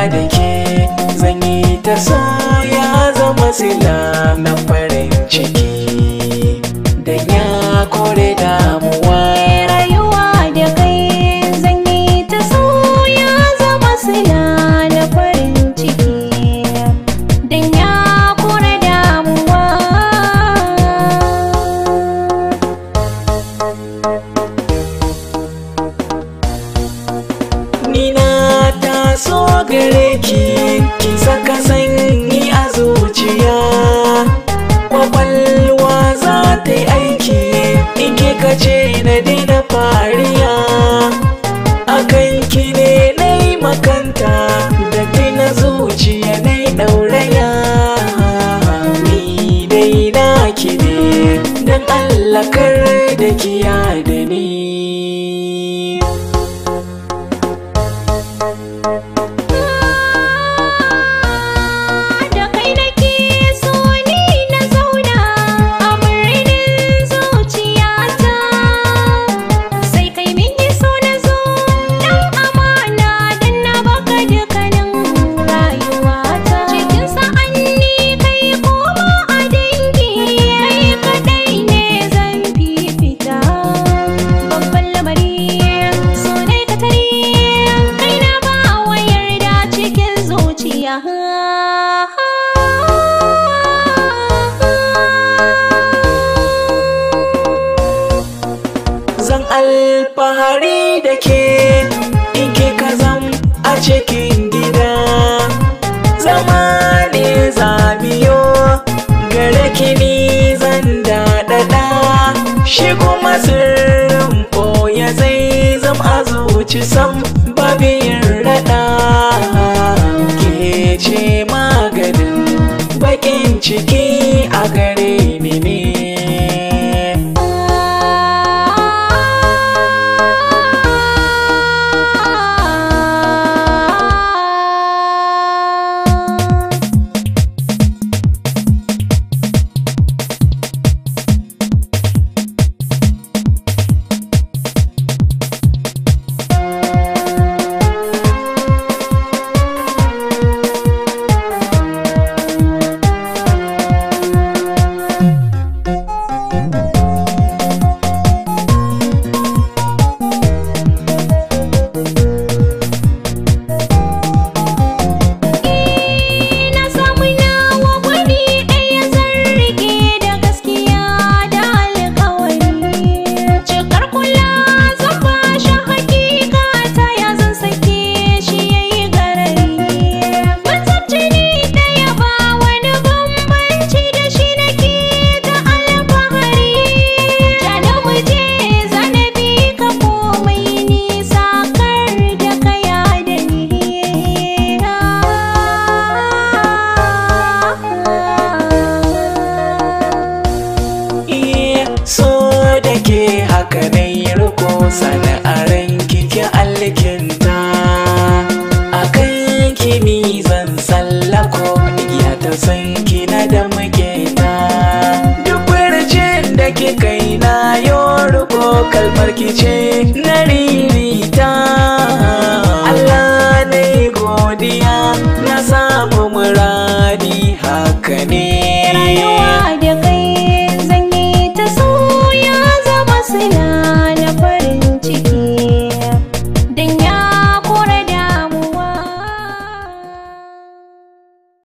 Friday. so gare ki ki saka sanyi a zuciya kwakwalwa za ta yi aiki ike kace na daina fariya a kan ki ne na makanta da na zuciya na yi ɗauraya ni dai na ki ne don allakar da kiya da ni Zan alfahari da ke in ke kazan a cikin gida Zama ne zabiyo gare kini zan daɗaɗa Shi kuma sirrin ya zai zama a zuci sam baƙin ciki a gare ke haka ne riko sana'aran kike alkinta a kan kimi zan sallako ya ta san kina da muke ta duk farcin da ke kaina, yo riko kalmar kice na ririta Allah ne godiya na samu muradi haka ne